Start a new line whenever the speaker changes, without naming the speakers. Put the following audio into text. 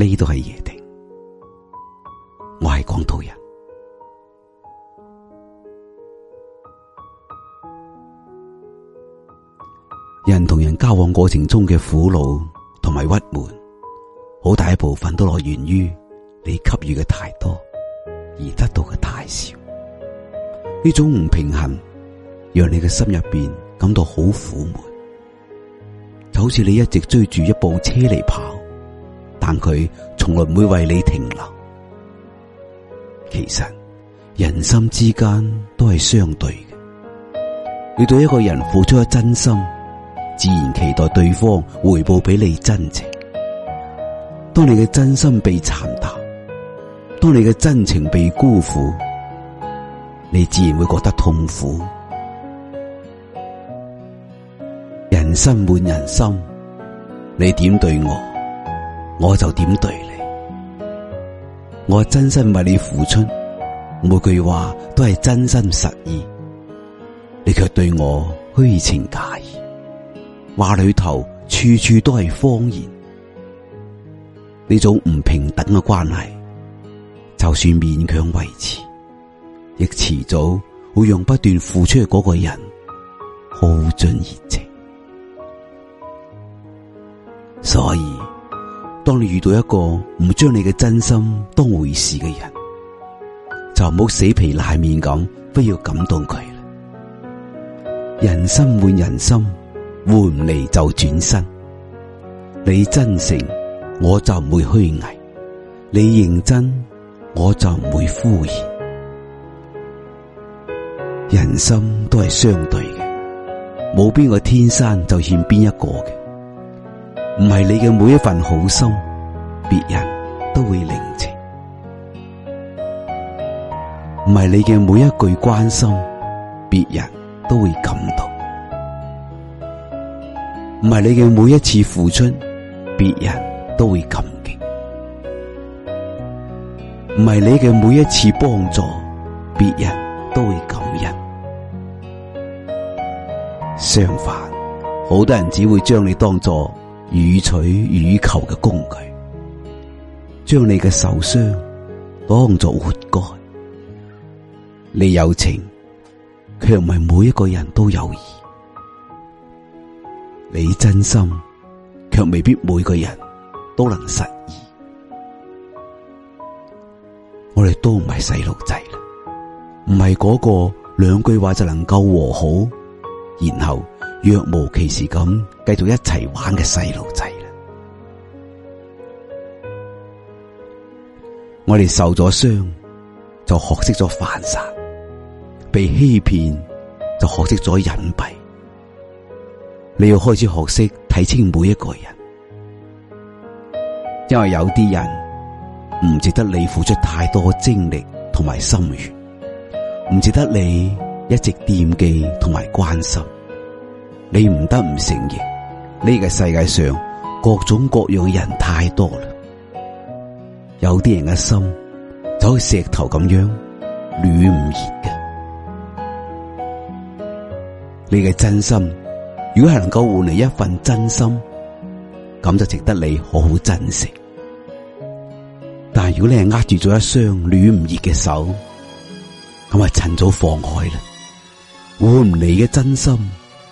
呢度係夜定，我係廣土人。人同人交往過程中嘅苦惱同埋鬱悶，好大一部分都來源於你給予嘅太多而得到嘅太少。呢種唔平衡，讓你嘅心入邊感到好苦悶，就好似你一直追住一部車嚟跑。但佢從來唔會為你停留。其實人心之間都係相對嘅，你對一個人付出咗真心，自然期待對方回報俾你真情。當你嘅真心被踐踏，當你嘅真情被辜負，你自然會覺得痛苦。人心換人心，你點對我？我就點對你？我真心為你付出，每句話都係真心實意，你卻對我虛情假意，話裏頭處處都係謊言。呢種唔平等嘅關係，就算勉強維持，亦遲早會讓不斷付出嘅嗰個人耗盡熱情。所以，當你遇到一個唔將你嘅真心當回事嘅人，就唔好死皮賴面咁，非要感動佢啦。人心換人心，換唔嚟就轉身。你真誠，我就唔會虛偽；你認真，我就唔會敷衍。人心都係相對嘅，冇邊個天生就欠邊一個嘅。唔係你嘅每一份好心，別人都會領情；唔係你嘅每一句關心，別人都會感動；唔係你嘅每一次付出，別人都會感激；唔係你嘅每一次幫助，別人都會感恩。相反，好多人只會將你當作。予取予求嘅工具，將你嘅受傷當做活該。你有情，卻唔係每一個人都有義；你真心，卻未必每個人都能實意。我哋都唔係細路仔啦，唔係嗰個兩句話就能夠和好，然後。若無其事咁繼續一齊玩嘅細路仔啦。我哋受咗傷就學識咗犯殺，被欺騙就學識咗隱蔽。你要開始學識睇清每一個人，因為有啲人唔值得你付出太多精力同埋心願，唔值得你一直惦記同埋關心。你唔得唔承認，呢個世界上各種各樣嘅人太多啦，有啲人嘅心就好似石頭咁樣暖唔熱嘅。你嘅真心，如果係能夠換嚟一份真心，咁就值得你好好珍惜。但係如果你係握住咗一雙暖唔熱嘅手，咁啊趁早放開啦，換唔嚟嘅真心。